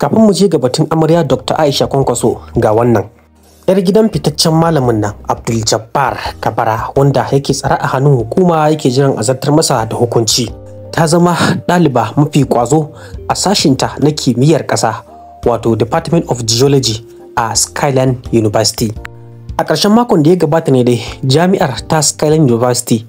Kafin mu je ga batun amarya Dr. Aisha Kwankwaso ga wannan. Yar gidan fitaccen malamin nan Abdul Kabara wanda yake tsara a hannun hukuma yake jiran azartar masa da hukunci. Ta zama ɗaliba mafi kwazo a sashinta na kimiyyar ƙasa wato Department of Geology a Skyline University. A ƙarshen makon da ya gabata ne dai jami'ar ta Skyline University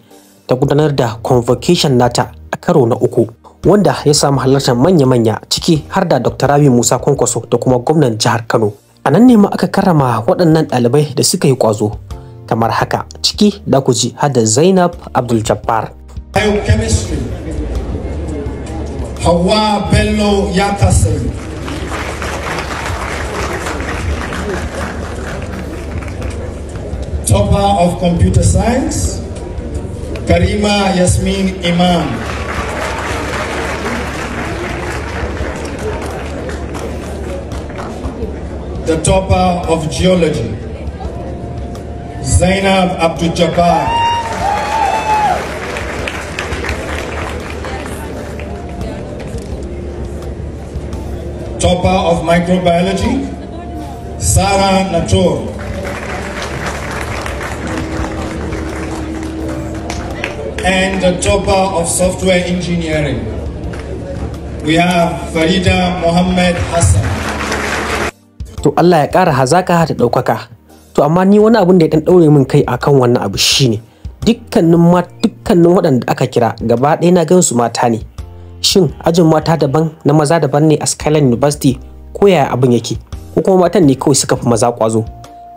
ta gudanar da convocation nata a karo na uku. wanda ya samu halartar manya-manya ciki har da Dr. Rabi Musa Kwankwaso da kuma gwamnan jihar Kano. A nan ne ma aka karrama waɗannan ɗalibai da suka yi ƙwazo kamar haka ciki da ku ji har da Zainab Abdul Jabbar. Biochemistry Hawa Bello Yakasir Topper of Computer Science Karima Yasmin Imam the topper of geology, Zainab Abdul Jabbar. Topper of microbiology, Sarah Nator. And the topper of software engineering, we have Farida Mohammed Hassan. to Allah ya ƙara hazaka da ɗaukaka to amma ni wani abin da ya ɗan ɗaure min kai akan wannan abu shine dukkanin ma dukkanin waɗanda aka kira gaba ɗaya na gansu mata ne shin ajin mata daban na maza daban ne a Skyline University ko yaya abin yake ko kuma matan ne kawai suka fi maza ƙwazo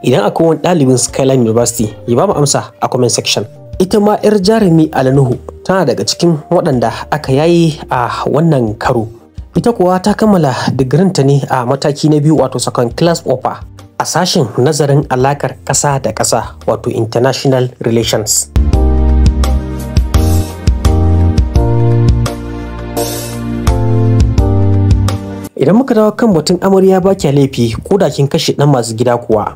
idan akwai wani ɗalibin Skyline University ya ba mu amsa a comment section ita ma 'yar jarumi Alanuhu tana daga cikin waɗanda aka yayi a wannan karo ita kuwa ta kammala digirinta ne a mataki na biyu wato second class offer a sashen nazarin alakar ƙasa da ƙasa wato international relations idan muka dawo kan batun amarya ba kya laifi ko da kashe dan masu gida kuwa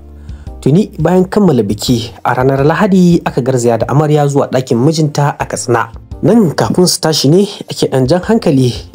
tuni bayan kammala biki a ranar lahadi aka garzaya da amarya zuwa ɗakin mijinta a katsina nan kafin su tashi ne ake ɗan jan hankali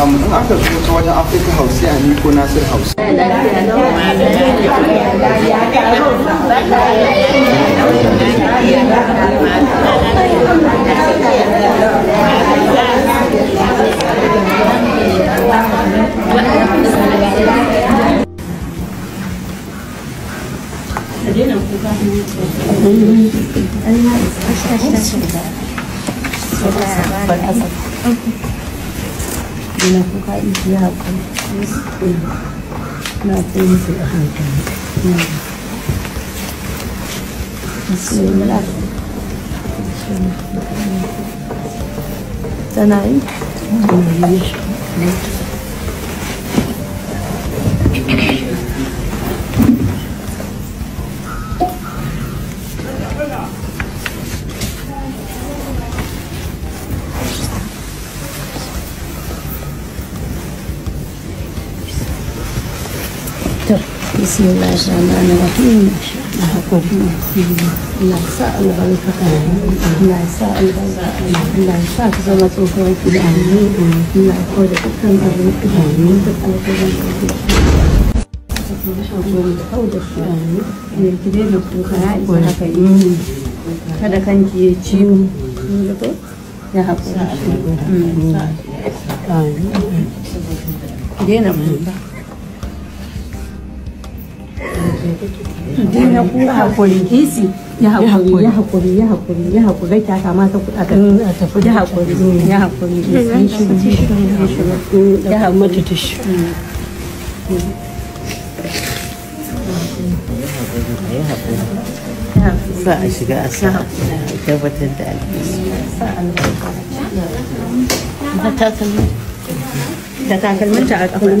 in aka zo ta wajen africa house sai a niko nasir house Mm-hmm. Hindi na po siya ako. Natin siya ako. Kasi malaki. Sanay? Sanay. Sanay. Bismillahirrahmanirrahim. Allah ya sa ki yi. Kada kanki ya ciwo. Ya haƙura. Ki daina kuka. idan ya kura hakuri isi ya hakuri ya hakuri ya hakuri ya hakuri ta kamata ku aka tafi mm. ya hakuri ya hakuri isi mm, shiru ya hamata ta shi za a shiga a sa tabbatar da alƙasa ta takalminta a kafin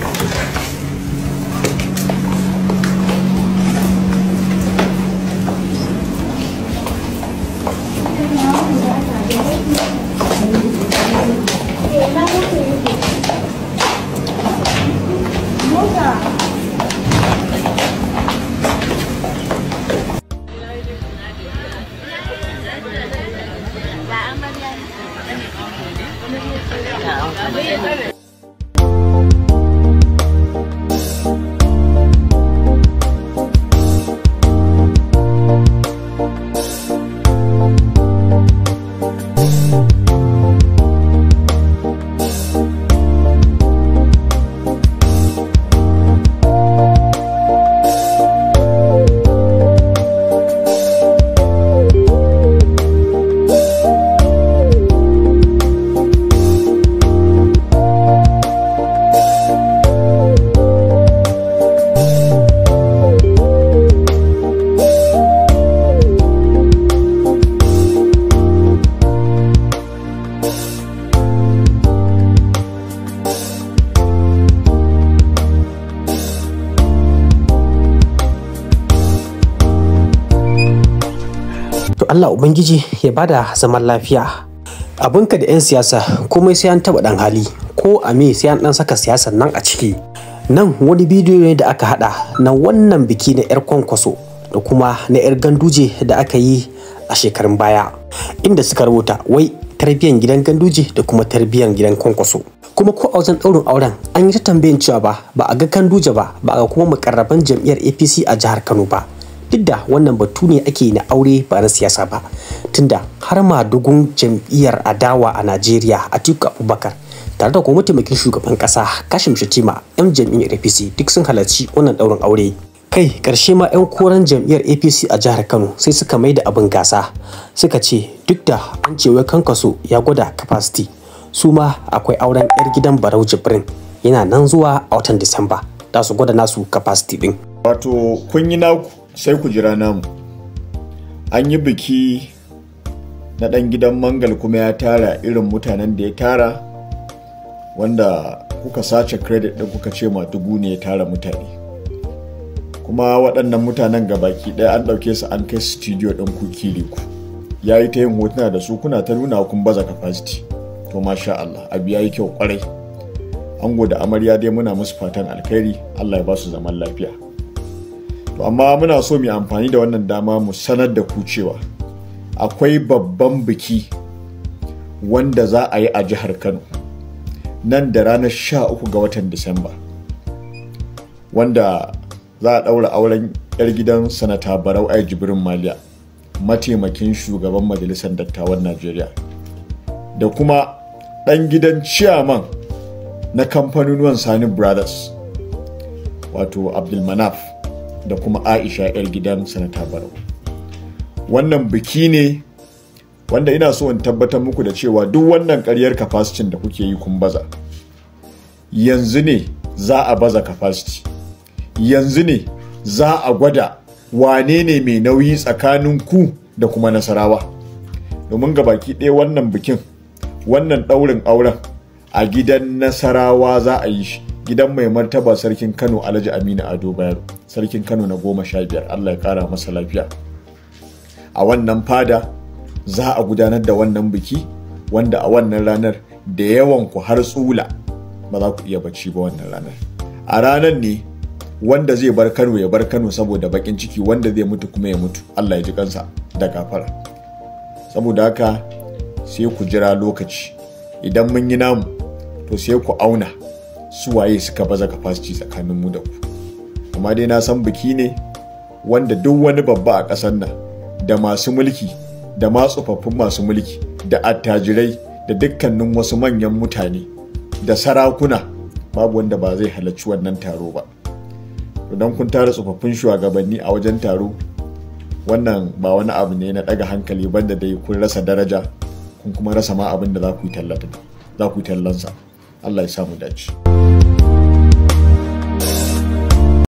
你看，我看。Allah Ubangiji ya bada zaman lafiya. Abinka da 'yan siyasa komai sai an taɓa ɗan hali ko a me sai an ɗan saka siyasan nan a ciki. Nan wani bidiyo ne da aka haɗa na wannan biki na 'yar kwankwaso da kuma na 'yar ganduje da aka yi a shekarun baya inda suka rubuta wai tarbiyyar gidan ganduje da kuma tarbiyyar gidan kwankwaso. kuma ko a wajen ɗaurin auren an yi ta tambayin cewa ba ba a ga ganduje ba ba a ga kuma mukarraban jam'iyyar apc a jihar kano ba duk da wannan batu ne ake na aure ba na siyasa ba tunda har madugun jam'iyyar adawa a najeriya atiku abubakar tare da kuma mataimakin shugaban kasa kashim shatima yan jam'iyyar apc duk sun halarci wannan daurin aure kai karshe ma 'yan koren jam'iyyar apc a jihar kano sai suka mai da abin gasa suka ce duk da an ce wai kankaso ya gwada capacity su ma akwai auren 'yar gidan barau jibrin yana nan zuwa a watan disamba da su gwada nasu capacity din wato kun yi naku sai ku jira namu an yi biki na ɗan gidan mangal kuma ya tara irin mutanen da ya tara wanda kuka sace credit ɗin kuka ce ma dubu ne ya tara mutane kuma waɗannan mutanen gabaki ɗaya an ɗauke su an kai studio ɗin ku kili ku ya yi ta yin hotuna da su kuna ta nuna kun baza capacity to masha Allah abu ya yi kyau kwarai ango da amarya dai muna musu fatan alkhairi Allah ya ba su zaman lafiya to amma muna so mu yi amfani da wannan dama mu sanar da ku cewa akwai babban biki wanda za a yi a jihar kano nan da ranar 13 ga watan disamba wanda za a ɗaura auren 'yar gidan sanata barau ai jibrin maliya mataimakin shugaban majalisar dattawan najeriya da kuma ɗan gidan ciyaman na kamfanin sani brothers wato abdulmanaf da kuma aisha 'yar gidan sanata barau wannan biki ne wanda ina so in tabbatar muku da cewa duk wannan karyar kafasitin da kuke yi kun baza yanzu ne za a baza kafasiti yanzu ne za a gwada wane ne mai nauyi tsakanin ku da kuma nasarawa domin ga baki ɗaya wannan bikin wannan ɗaurin auren a gidan nasarawa za a yi shi gidan mai martaba sarkin kano alhaji aminu ado bayero sarkin kano na goma sha biyar allah ya kara masa lafiya a wannan fada za a gudanar da wannan biki wanda a wannan ranar da yawan ku har tsula ba za ku iya bacci ba wannan ranar a ranar ne wanda zai bar kano ya bar kano saboda bakin ciki wanda zai mutu kuma ya mutu allah ya ji kansa da gafara saboda haka sai ku jira lokaci idan mun yi namu to sai ku auna su waye suka baza capacity tsakanin mu da ku amma dai na san biki ne wanda duk wani babba a ƙasar nan da masu mulki da ma tsofaffin masu mulki da attajirai da dukkanin wasu manyan mutane da sarakuna babu wanda ba zai halarci wannan taro ba idan kun tara tsofaffin shugabanni a wajen taro wannan ba wani abu ne na ɗaga hankali banda dai kun rasa daraja kun kuma rasa ma abin da za ku yi tallansa Allah ya samu dace.